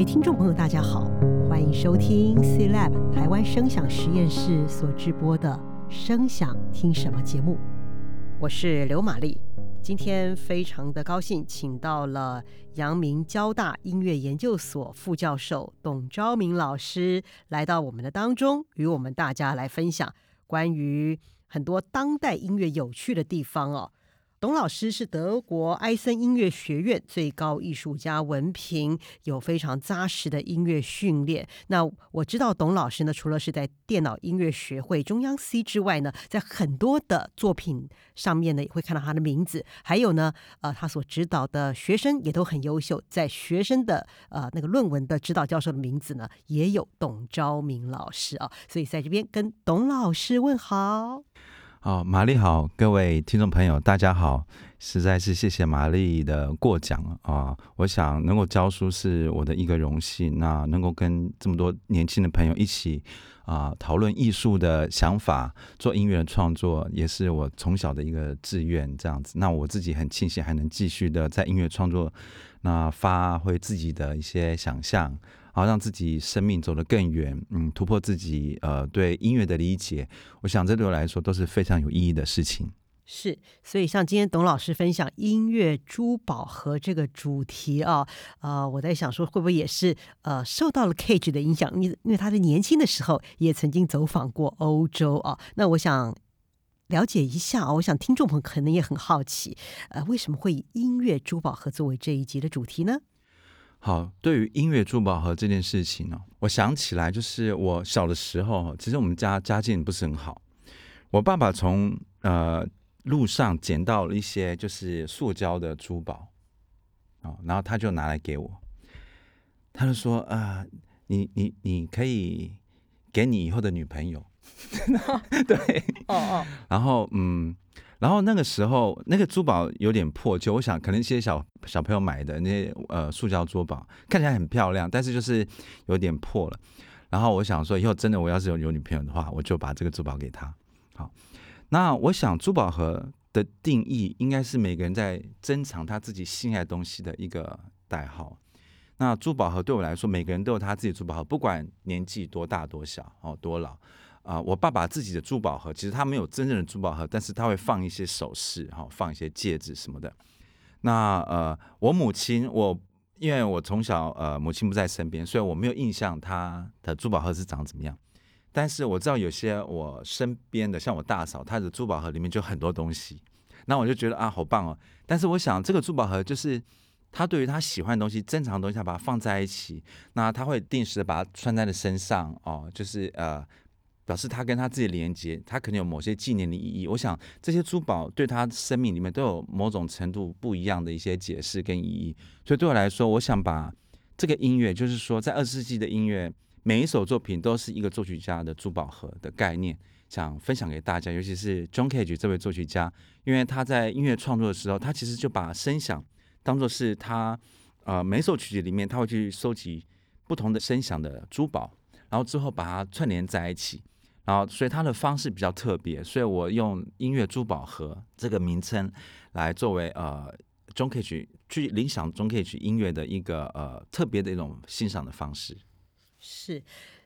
各位聽眾朋友，大家好，歡迎收聽 C Lab 台灣聲響實驗室所直播的《聲響聽什麼》節目，我是劉瑪麗。今天非常的高興，請到了陽明交大音樂研究所副教授董昭民老師來到我們的當中，與我們大家來分享關於很多當代音樂有趣的地方哦。董老師是德國埃森音樂學院最高藝術家文憑，有非常扎實的音樂訓練。那我知道董老師呢，除了是在電腦音樂學會中央 C 之外呢，在很多的作品上面呢，也會看到他的名字。還有呢，呃，他所指導的學生也都很優秀，在學生的呃那個論文的指導教授的名字呢，也有董昭民老師啊。所以在這邊跟董老師問好。好、哦，瑪麗好，各位聽眾朋友，大家好！實在是謝謝瑪麗的過獎啊、呃！我想能夠教書是我的一個榮幸，那能夠跟這麼多年輕的朋友一起啊、呃、討論藝術的想法，做音樂的創作，也是我從小的一個志願。這樣子，那我自己很慶幸還能繼續的在音樂創作，那、呃、發揮自己的一些想象。好，讓自己生命走得更遠，嗯，突破自己，呃，對音樂的理解，我想這對我來說都是非常有意義的事情。是，所以像今天董老師分享音樂珠寶盒這個主題啊，啊、哦呃，我在想說會不會也是呃受到了 Cage 的影響？因為因為他在年輕的時候也曾經走訪過歐洲啊、哦。那我想了解一下啊，我想聽眾朋友可能也很好奇，呃，為什麼會以音樂珠寶盒作為這一集的主題呢？好，對於音樂珠寶盒這件事情呢、哦，我想起來，就是我小的時候，其實我們家家境不是很好，我爸爸從呃路上撿到了一些就是塑膠的珠寶，哦、然後他就拿來給我，他就說啊、呃，你你你可以給你以後的女朋友， 對，oh, oh. 然後嗯。然後那個時候，那個珠寶有點破舊，就我想，可能一些小小朋友買的那些呃塑膠珠寶，看起來很漂亮，但是就是有點破了。然後我想說，以後真的我要是有有女朋友的話，我就把這個珠寶給她。好，那我想珠寶盒的定義應該是每個人在珍藏他自己心愛東西的一個代號。那珠寶盒對我來說，每個人都有他自己珠寶盒，不管年紀多大、多小、哦多老。啊、呃，我爸爸自己的珠寶盒，其實他沒有真正的珠寶盒，但是他會放一些首飾，哈、哦，放一些戒指什麼的。那呃，我母親，我因為我從小呃母親不在身邊，所以我沒有印象她的珠寶盒是長怎麼樣。但是我知道有些我身邊的，像我大嫂，她的珠寶盒裡面就很多東西。那我就覺得啊，好棒哦。但是我想這個珠寶盒就是他對於他喜歡的東西，珍藏的東西，他把它放在一起。那他會定時的把它穿在了身上，哦，就是呃。表示他跟他自己連接，他可能有某些紀念的意義。我想這些珠寶對他生命裡面都有某種程度不一樣的一些解釋跟意義。所以對我來說，我想把這個音樂，就是說在二十世紀的音樂，每一首作品都是一個作曲家的珠寶盒的概念，想分享給大家。尤其是 John Cage 這位作曲家，因為他在音樂創作的時候，他其實就把聲響當做是他呃每一首曲子裡面他會去收集不同的聲響的珠寶，然後之後把它串聯在一起。然後，所以它的方式比較特別，所以我用“音樂珠寶盒”這個名稱來作為呃，中 k 去 g 去影想中 k 去 g 音樂的一個呃特別的一種欣賞的方式。是，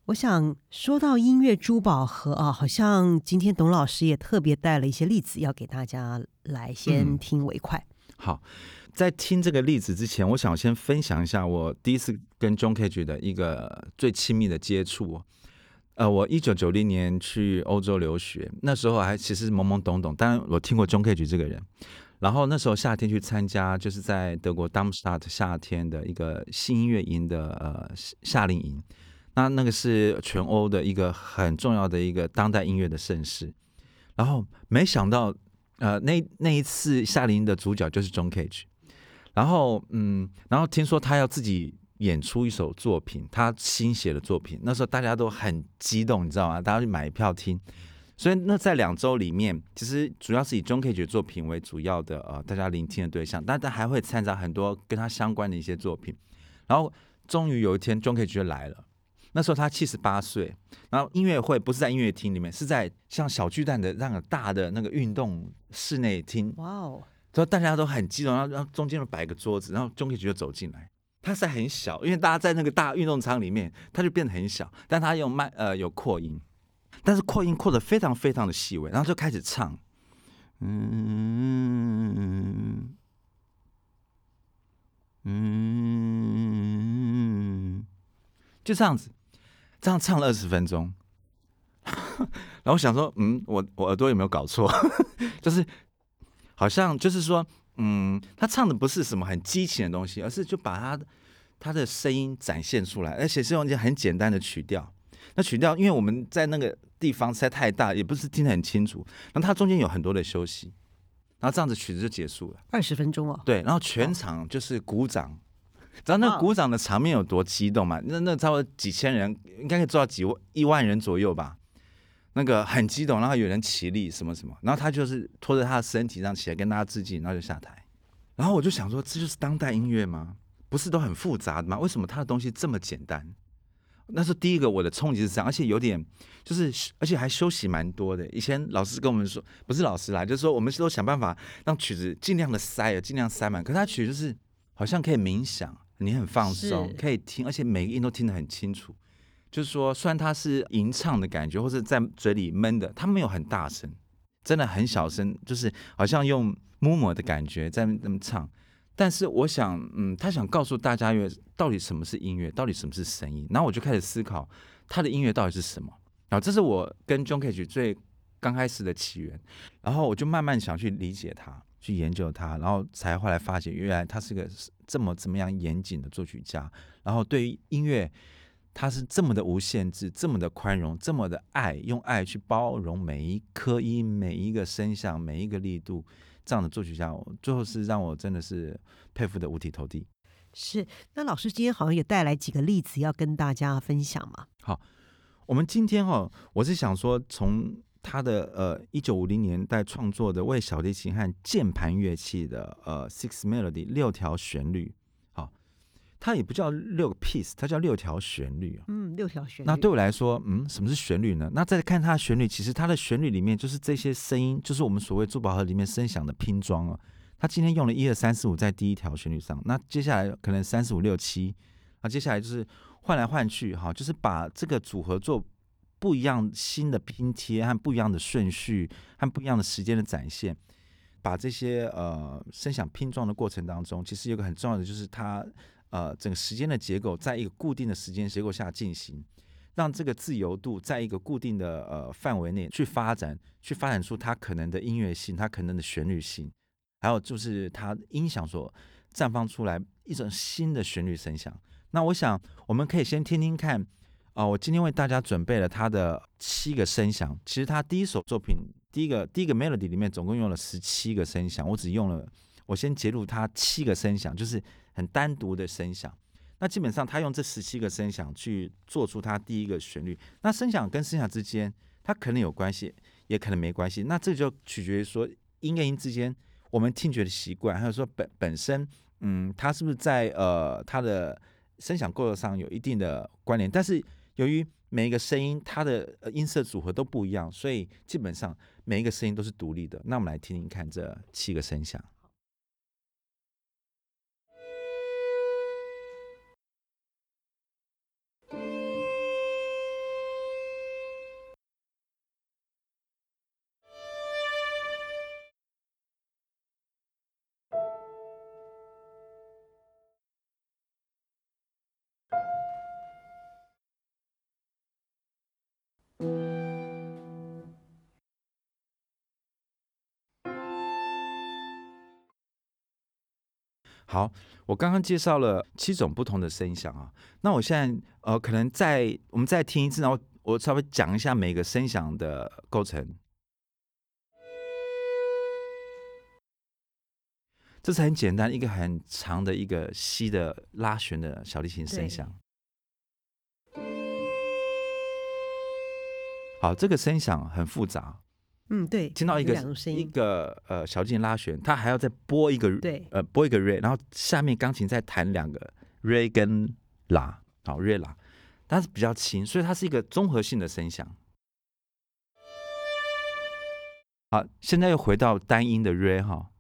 我想說到音樂珠寶盒啊、哦，好像今天董老師也特別帶了一些例子要給大家來先聽為快。嗯、好，在聽這個例子之前，我想先分享一下我第一次跟中 k a g 的一個最親密的接觸。呃，我一九九零年去歐洲留學，那時候還其實懵懵懂懂，但我聽過 John Cage 這個人。然後那時候夏天去參加，就是在德國 Darmstadt 夏天的一個新音樂營的呃夏令營，那那個是全歐的一個很重要的一個當代音樂的盛事。然後沒想到，呃，那那一次夏令營的主角就是 John Cage。然後嗯，然後聽說他要自己。演出一首作品，他新寫的作品，那時候大家都很激動，你知道嗎？大家去買票聽，所以那在兩周裡面，其實主要是以中 key 作品為主要的呃大家聆聽的對象，但他還會參照很多跟他相關的一些作品。然後終於有一天，中 key 就來了，那時候他七十八歲，然後音樂會不是在音樂廳裡面，是在像小巨蛋的那個大的那個運動室內廳。哇哦！然大家都很激動，然後中間擺個桌子，然後中 key 就走進來。它是很小，因為大家在那個大運動場裡面，它就變得很小。但它有慢，呃，有擴音，但是擴音擴的非常非常的細微，然後就開始唱，嗯，嗯，就這樣子，這樣唱了二十分鐘 然後我想說，嗯，我我耳朵有沒有搞錯？就是，好像就是說，嗯，他唱的不是什麼很激情的東西，而是就把他他的聲音展現出來，而且是用一些很簡單的曲調。那曲調因為我們在那個地方實在太大，也不是聽得很清楚。然後他中間有很多的休息，然後這樣子曲子就結束了。二十分鐘哦。對，然後全場就是鼓掌，然、哦、後那鼓掌的場面有多激動嘛？那那差不多幾千人，應該可以做到幾萬、一萬人左右吧。那個很激動，然後有人起立什麼什麼，然後他就是拖着他的身體上起來跟大家致敬，然後就下台。然後我就想說，這就是當代音樂嗎？不是都很複雜的嗎？為什麼他的東西這麼簡單？那是第一個我的衝擊是這樣，而且有點就是，而且還休息蠻多的。以前老師跟我們說，不是老師來就是說，我們是說想辦法讓曲子儘量的塞，儘量塞滿。可是他曲就是好像可以冥想，你很放鬆，可以聽，而且每個音都聽得很清楚。就是說，雖然他是吟唱的感覺，或者在嘴裡悶的，他沒有很大聲，真的很小聲，就是好像用木木的感覺在那麼唱。但是我想，嗯，他想告訴大家，樂到底什麼是音樂，到底什麼是聲音。然後我就開始思考他的音樂到底是什麼。然後這是我跟 John Cage 最剛開始的起源。然後我就慢慢想去理解他，去研究他，然後才後來發現，原來他是個這麼怎麼樣嚴謹的作曲家。然後對於音樂。他是這麼的無限制，這麼的寬容，這麼的愛，用愛去包容每一顆音、每一個聲響、每一個力度，這樣的作曲家，最後是讓我真的是佩服得五體投地。是，那老師今天好像也帶來幾個例子要跟大家分享嘛？好，我們今天哈、哦，我是想說，從他的呃一九五零年代創作的為小提琴和鍵盤樂器的呃 Six Melodies 六條旋律。它也不叫六個 piece，它叫六條旋律啊。嗯，六條旋律。那對我來說，嗯，什麼是旋律呢？那再看它的旋律，其實它的旋律裡面就是這些聲音，就是我們所謂珠寶盒裡面聲響的拼裝啊。它今天用了一二三四五在第一條旋律上，那接下來可能三四五六七，那接下來就是換來換去哈啊，就是把這個組合做不一樣新的拼貼和不一樣的順序和不一樣的時間的展現。把這些呃聲響拼裝的過程當中，其實有個很重要的就是它。呃，整個時間的結構在一個固定的時間結構下進行，讓這個自由度在一個固定的呃範圍內去發展，去發展出它可能的音樂性，它可能的旋律性，還有就是它音響所綻放出來一種新的旋律聲響。那我想，我們可以先聽聽看啊，呃，我今天為大家準備了他的七個聲響。其實他第一首作品第一個第一個 melody 裡面總共用了十七個聲響，我只用了。我先揭露他七個聲響，就是很單獨的聲響。那基本上，他用這十七個聲響去做出他第一個旋律。那聲響跟聲響之間，它可能有關係，也可能沒關係。那這就取決於說，音跟音之間，我們聽覺的習慣，還有說本本身，嗯，它是不是在呃它的聲響構造上有一定的關聯？但是由於每一個聲音它的呃音色組合都不一樣，所以基本上每一個聲音都是獨立的。那我們來聽聽看這七個聲響。好，我剛剛介紹了七種不同的聲響啊。那我現在呃，可能再我們再聽一次，然後我，我稍微講一下每一個聲響的構成。這是很簡單，一個很長的一個吸的拉弦的小提琴聲響。好，這個聲響很複雜。嗯，對，聽到一個一個呃小鍵拉弦，他還要再撥一個對，呃撥一個 re，然後下面鋼琴再彈兩個 re 跟 la，好 re la，但是比較輕，所以它是一個綜合性的聲響。好，現在又回到單音的 re 哈、哦。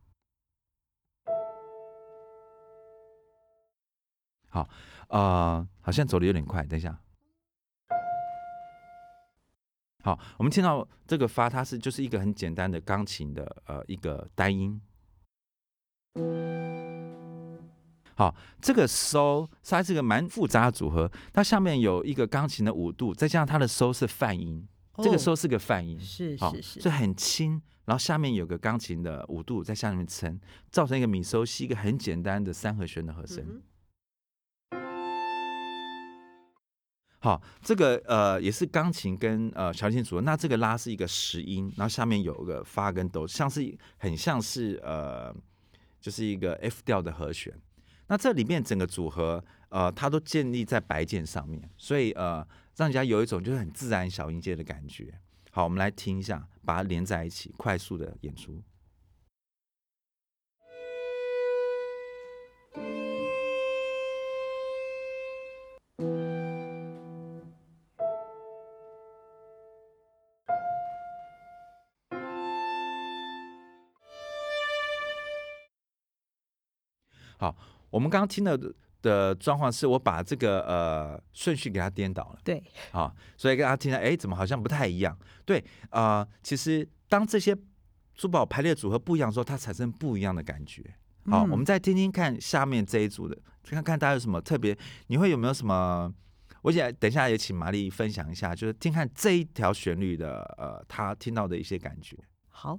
好，呃，好像走的有點快，等一下。好，我們聽到這個發，它是就是一個很簡單的鋼琴的呃一個單音。好，這個收、so, 它是一個蠻複雜的組合，它下面有一個鋼琴的五度，再加上它的收、so、是泛音、哦，這個收、so、是個泛音，是是是、哦，所以很輕，然後下面有個鋼琴的五度在下面撐，造成一個米索西是一個很簡單的三和弦的和聲。嗯好，這個呃也是鋼琴跟呃小提琴組合。那這個拉是一個十音，然後下面有一個發跟哆，像是很像是呃就是一個 F 調的和弦。那這裡面整個組合呃它都建立在白鍵上面，所以呃讓人家有一種就是很自然小音階的感覺。好，我們來聽一下，把它連在一起，快速的演出。好，我們剛剛聽到的的狀況是，我把這個呃順序給它顛倒了。對，好，所以大家聽到，哎、欸，怎麼好像不太一樣？對，呃，其實當這些珠寶排列組合不一樣的時候，它產生不一樣的感覺。好，嗯、我們再聽聽看下面這一組的，去看看大家有什麼特別，你會有沒有什麼？我想等一下也請瑪麗分享一下，就是聽看這一條旋律的，呃，他聽到的一些感覺。好。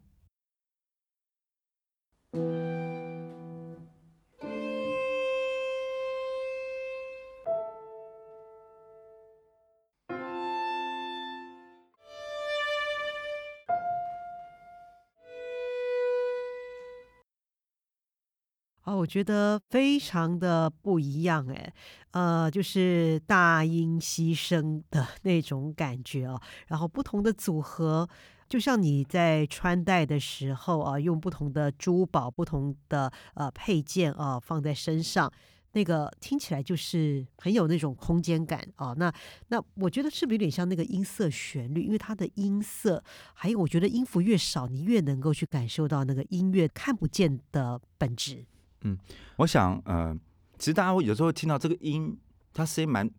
哦，我覺得非常的不一樣哎、欸，呃，就是大音希聲的那種感覺哦。然後不同的組合，就像你在穿戴的時候啊，用不同的珠寶、不同的呃配件啊放在身上，那個聽起來就是很有那種空間感哦。那那我覺得是不是有點像那個音色旋律？因為它的音色，還有我覺得音符越少，你越能夠去感受到那個音樂看不見的本質。嗯，我想，呃，其實大家有時候會聽到這個音，它聲音蠻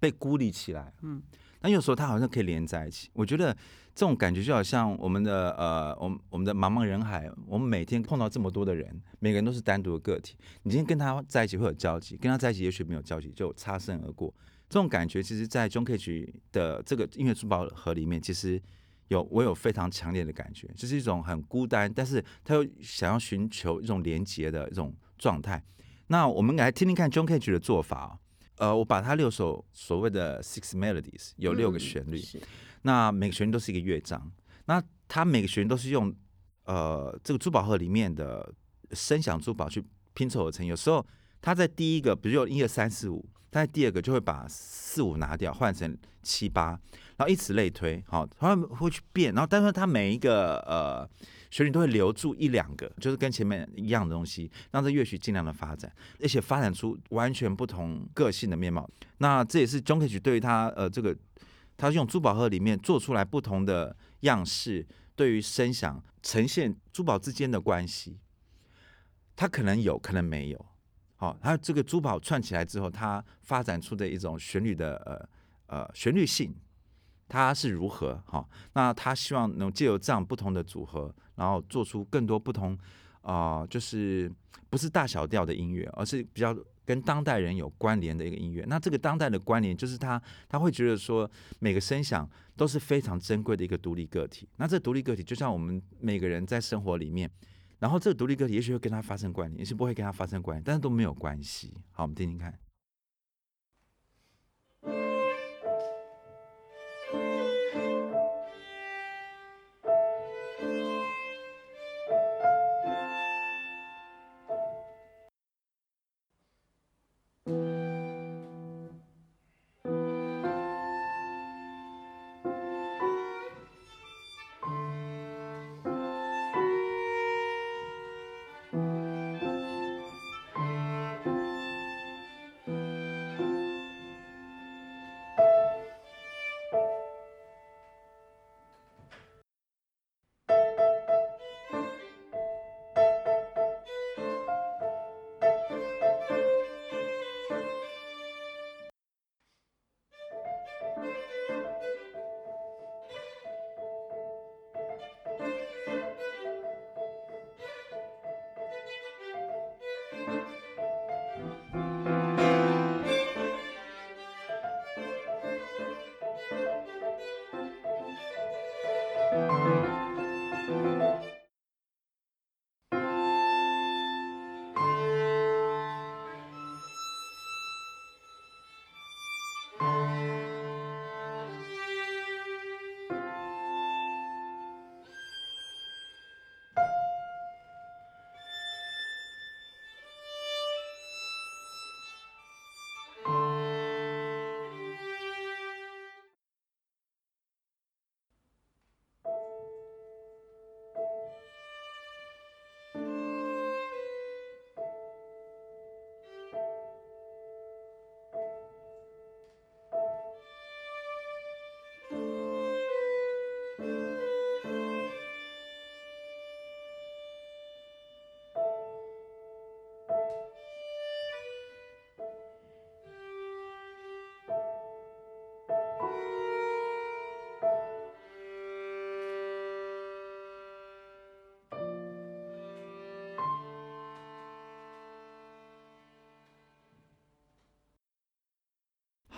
被孤立起來，嗯，但有時候它好像可以連在一起。我覺得這種感覺就好像我們的，呃，我們我們的茫茫人海，我們每天碰到這麼多的人，每個人都是單獨的個體。你今天跟他在一起會有交集，跟他在一起也許沒有交集，就擦身而過。這種感覺，其實在 John Cage 的這個音樂珠寶盒裡面，其實有我有非常強烈的感覺，就是一種很孤單，但是他又想要尋求一種連接的一種。狀態，那我們來聽聽看 John Cage 的做法、哦、呃，我把他六首所謂的 Six Melodies 有六個旋律、嗯，那每個旋律都是一個樂章。那他每個旋律都是用呃這個珠寶盒裡面的聲響珠寶去拼湊而成。有時候他在第一個比如有一二三四五，它在第二個就會把四五拿掉，換成七八，然後以此類推。好、哦，他會去變，然後但是他每一個呃。旋律都會留住一兩個，就是跟前面一樣的東西，讓這樂曲盡量的發展，而且發展出完全不同個性的面貌。那這也是 John Cage 對於他呃這個，他用珠寶盒裡面做出來不同的樣式，對於聲響呈現珠寶之間的關係，他可能有可能沒有。好、哦，他這個珠寶串起來之後，它發展出的一種旋律的呃呃旋律性。他是如何？好，那他希望能借由這樣不同的組合，然後做出更多不同啊、呃，就是不是大小調的音樂，而是比較跟當代人有關聯的一個音樂。那這個當代的關聯，就是他他會覺得說，每個聲響都是非常珍貴的一個獨立個體。那這獨立個體，就像我們每個人在生活裡面，然後這個獨立個體也許會跟他發生關聯，也許不會跟他發生關聯，但是都沒有關係。好，我們聽聽看。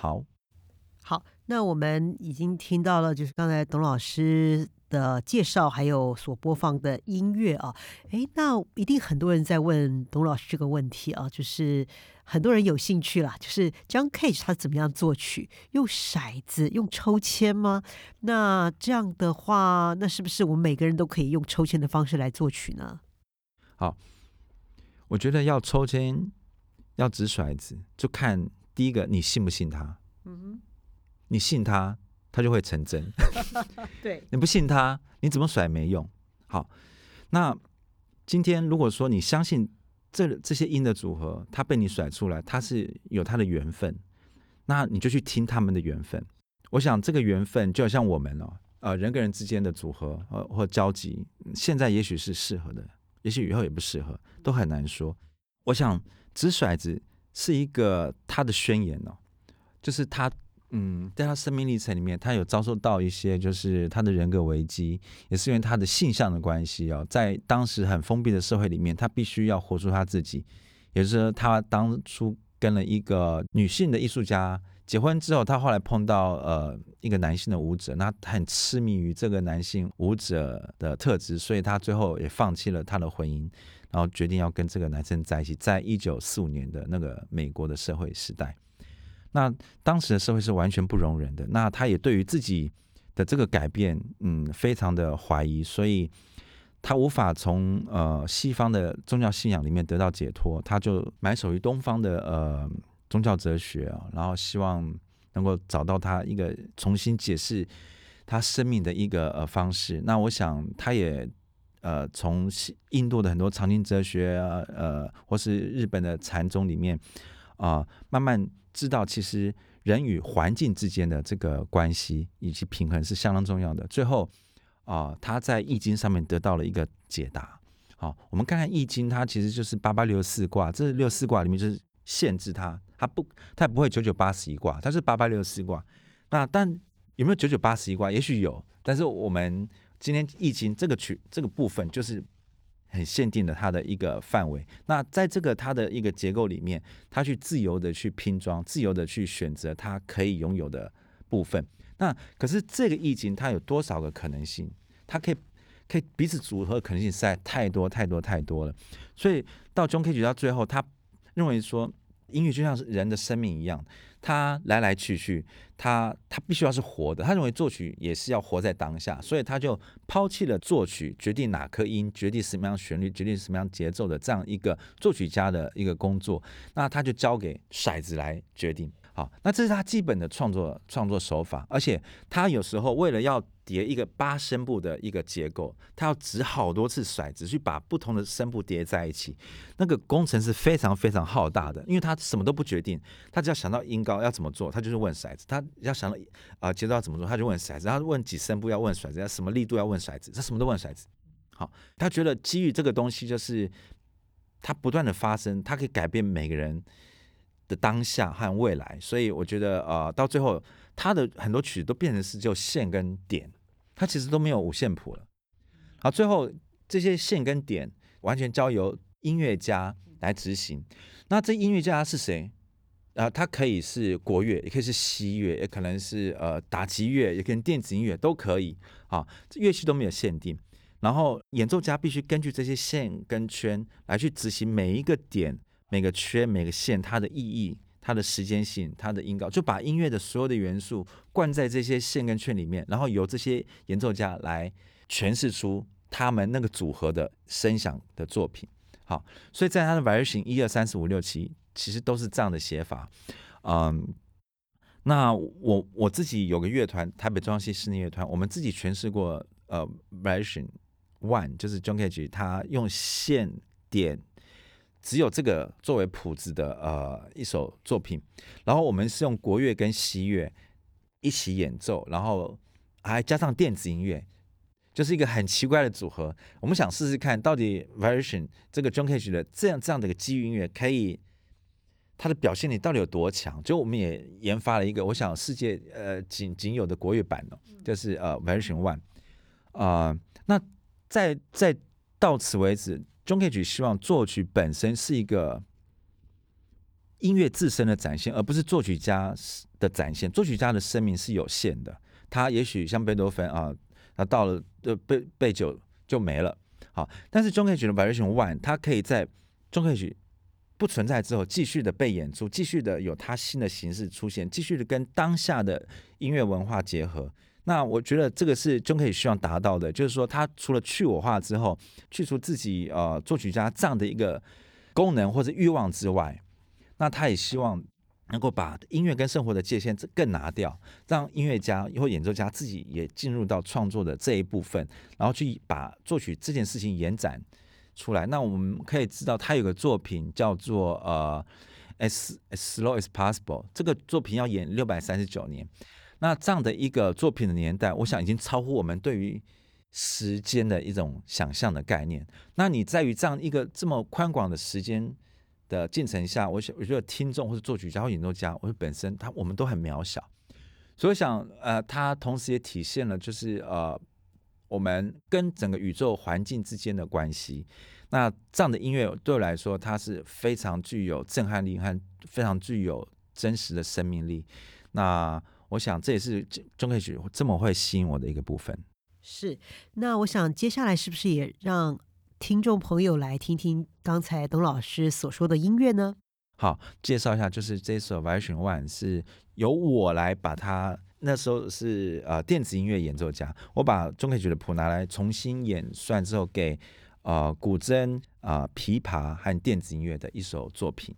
好好，那我們已經聽到了，就是剛才董老師的介紹，還有所播放的音樂啊。哎，那一定很多人在問董老師這個問題啊，就是很多人有興趣啦，就是 John Cage 他怎麼樣作曲？用骰子？用抽籤嗎？那這樣的話，那是不是我們每個人都可以用抽籤的方式來作曲呢？好，我覺得要抽籤，要擲骰子，就看。第一個，你信不信他？你信他，他就會成真。對， 你不信他，你怎麼甩沒用？好，那今天如果說你相信這這些音的組合，它被你甩出來，它是有它的緣分，那你就去聽他們的緣分。我想這個緣分就像我們哦，呃，人跟人之間的組合或交集，現在也許是適合的，也許以後也不適合，都很難說。我想，只甩子。是一個他的宣言哦，就是他嗯，在他生命歷程裡面，他有遭受到一些就是他的人格危機，也是因為他的性向的關係哦，在當時很封閉的社會裡面，他必須要活出他自己。也就是說，他當初跟了一個女性的藝術家結婚之後，他後來碰到呃一個男性的舞者，那他很痴迷於這個男性舞者的特質，所以他最後也放棄了他的婚姻。然後決定要跟這個男生在一起，在一九四五年的那個美國的社會時代，那當時的社會是完全不容忍的。那他也對於自己的這個改變，嗯，非常的懷疑，所以他無法從呃西方的宗教信仰裡面得到解脫，他就埋首於東方的呃宗教哲學，然後希望能夠找到他一個重新解釋他生命的一個呃方式。那我想他也。呃，從印度的很多藏經哲學、啊，呃，或是日本的禪宗裡面，啊、呃，慢慢知道其實人與環境之間的這個關係以及平衡是相當重要的。最後，啊、呃，他在《易經》上面得到了一個解答。好、哦，我們看看《易經》，它其實就是八八六十四卦。這六十四卦裡面就是限制它，它不，它也不會九九八十一卦，它是八八六十四卦。那但有沒有九九八十一卦？也許有，但是我們。今天易經這個曲這個部分就是很限定的，它的一個範圍。那在這個它的一個結構裡面，它去自由的去拼裝，自由的去選擇它可以擁有的部分。那可是這個易經它有多少個可能性？它可以可以彼此組合的可能性實在太多太多太多了。所以到中 K 舉到最後，他認為說音樂就像是人的生命一樣。他來來去去，他他必須要是活的。他認為作曲也是要活在當下，所以他就拋棄了作曲決定哪顆音、決定什麼樣旋律、決定什麼樣節奏的這樣一個作曲家的一個工作，那他就交給骰子來決定。好，那這是他基本的創作創作手法，而且他有時候為了要疊一個八聲部的一個結構，他要擲好多次骰子去把不同的聲部疊在一起，那個工程是非常非常浩大的，因為他什麼都不決定，他只要想到音高要怎麼做，他就是問骰子；他要想到啊節奏要怎麼做，他就問骰子；他問幾聲部要問骰子，要什麼力度要問骰子，他什麼都問骰子。好，他覺得機遇這個東西，就是他不斷的發生，他可以改變每個人。當下和未來，所以我覺得，呃，到最後，他的很多曲子都變成是就線跟點，他其實都沒有五線譜了。好、啊，最後這些線跟點完全交由音樂家來執行。那這音樂家是誰？啊，他可以是國樂，也可以是西樂，也可能是呃打擊樂，也可以電子音樂都可以。啊，樂器都沒有限定。然後演奏家必須根據這些線跟圈來去執行每一個點。每個圈、每個線，它的意義、它的時間性、它的音高，就把音樂的所有的元素灌在這些線跟圈裡面，然後由這些演奏家來詮釋出他們那個組合的聲響的作品。好，所以在他的 Variation 一二三四五六七，其實都是這樣的寫法。嗯，那我我自己有個樂團，台北中央系室內樂團，我們自己詮釋過呃 Variation one，就是 John Cage，他用線點。只有這個作為譜子的呃一首作品，然後我們是用國樂跟西樂一起演奏，然後還加上電子音樂，就是一個很奇怪的組合。我們想試試看到底 version 這個 John Cage 的這樣這樣的一個機遇音樂可以它的表現力到底有多強？就我們也研發了一個，我想世界呃僅僅有的國樂版哦，嗯、就是呃 version one 啊、呃。那在在到此為止。John Cage 希望作曲本身是一個音樂自身的展現，而不是作曲家的展現。作曲家的生命是有限的，他也許像貝多芬啊，他到了呃貝，貝九就沒了。好，但是 John Cage 的 Variation I 他可以在 John Cage 不存在之後繼續的被演出，繼續的有他新的形式出現，繼續的跟當下的音樂文化結合。那我覺得這個是 John Cage 希望達到的，就是說他除了去我化之後，去除自己呃作曲家這樣的一個功能或者欲望之外，那他也希望能夠把音樂跟生活的界限更拿掉，讓音樂家或演奏家自己也進入到創作的這一部分，然後去把作曲這件事情延展出來。那我們可以知道，他有個作品叫做呃 As As Slow as Possible，這個作品要演六百三十九年。那這樣的一個作品的年代，我想已經超乎我們對於時間的一種想象的概念。那你在於這樣一個這麼寬廣的時間的進程下，我想我覺得聽眾或是作曲家或演奏家，我本身他我們都很渺小。所以我想呃，他同時也體現了就是呃，我們跟整個宇宙環境之間的關係。那這樣的音樂對我來說，它是非常具有震撼力和非常具有真實的生命力。那。我想這也是鍾馗曲這麼會吸引我的一個部分。是，那我想接下來是不是也讓聽眾朋友來聽聽剛才董老師所說的音樂呢？好，介紹一下，就是這首《Variation One》是由我來把它，那時候是呃電子音樂演奏家，我把鍾馗曲的譜拿來重新演算之後給，給呃古箏、啊、呃、琵琶和電子音樂的一首作品。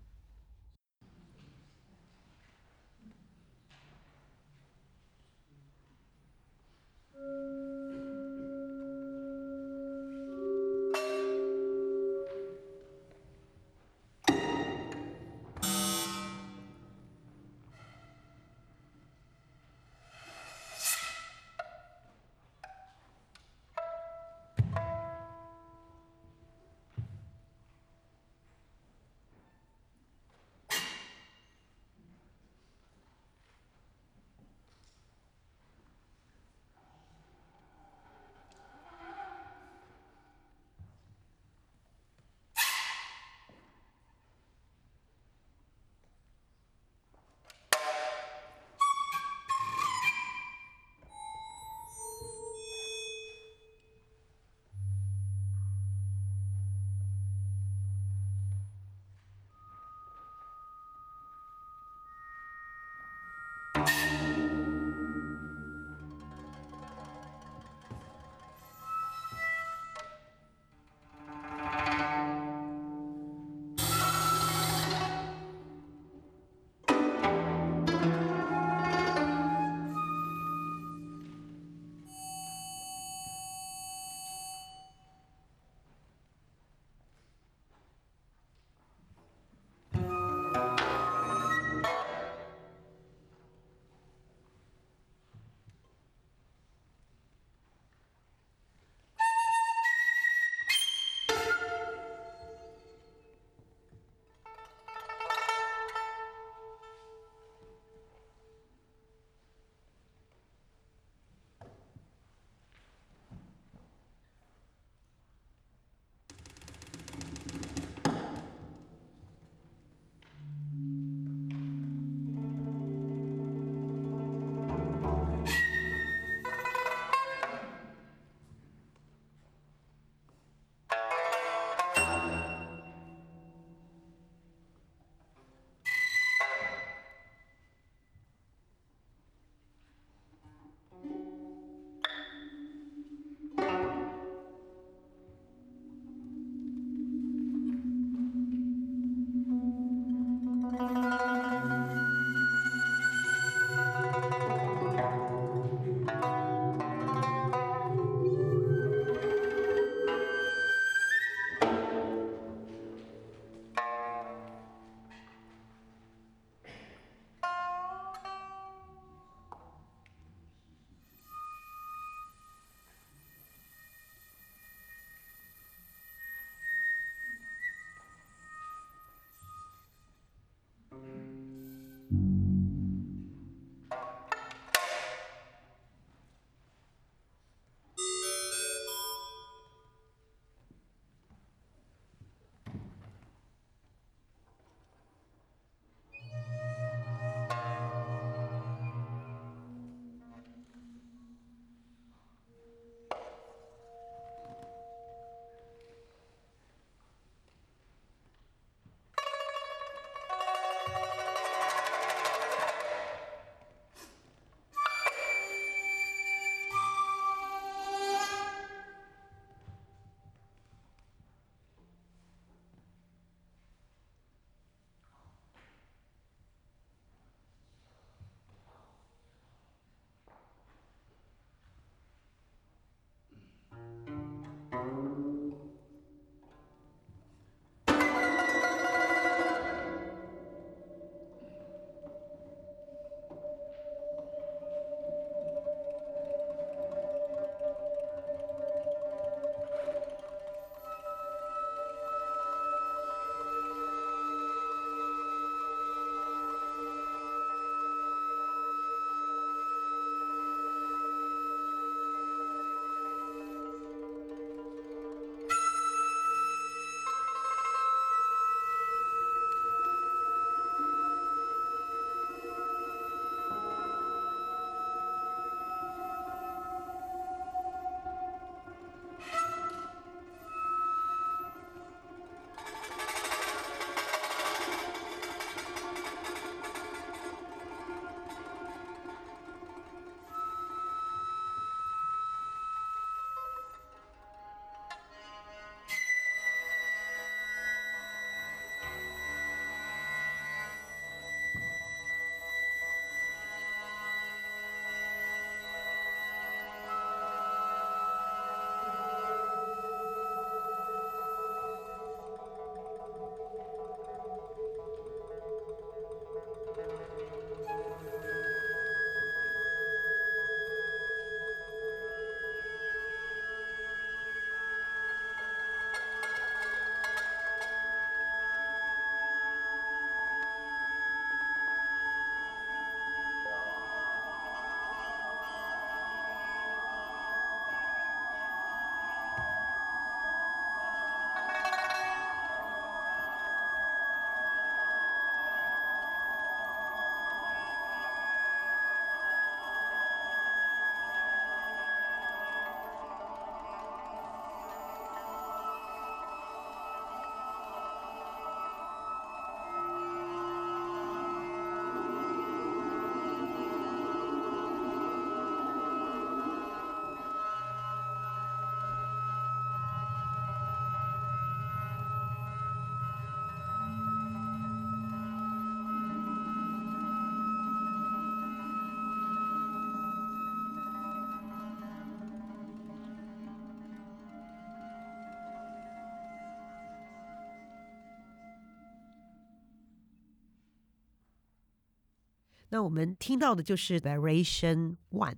那我們聽到的就是 Variation One。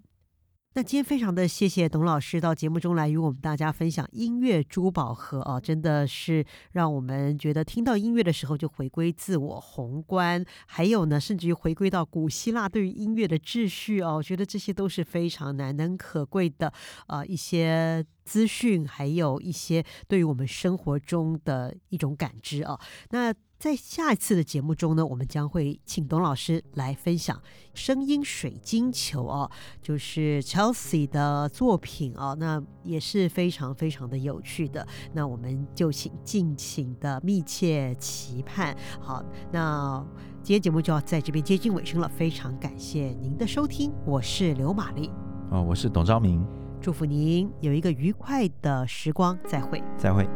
那今天非常的謝謝董老師到節目中來與我們大家分享音樂珠寶盒啊，真的是讓我們覺得聽到音樂的時候就回歸自我，宏觀，還有呢，甚至於回歸到古希臘對於音樂的秩序啊，我覺得這些都是非常難能可貴的啊、呃、一些資訊，還有一些對於我們生活中的一種感知啊。那。在下一次的節目中呢，我們將會請董老師來分享《聲音水晶球》哦，就是 Chelsea 的作品哦，那也是非常非常的有趣的。那我們就請盡情的密切期盼。好，那今天節目就要在這邊接近尾聲了，非常感謝您的收聽，我是劉瑪麗。哦，我是董昭民。祝福您有一個愉快的時光，再會，再會。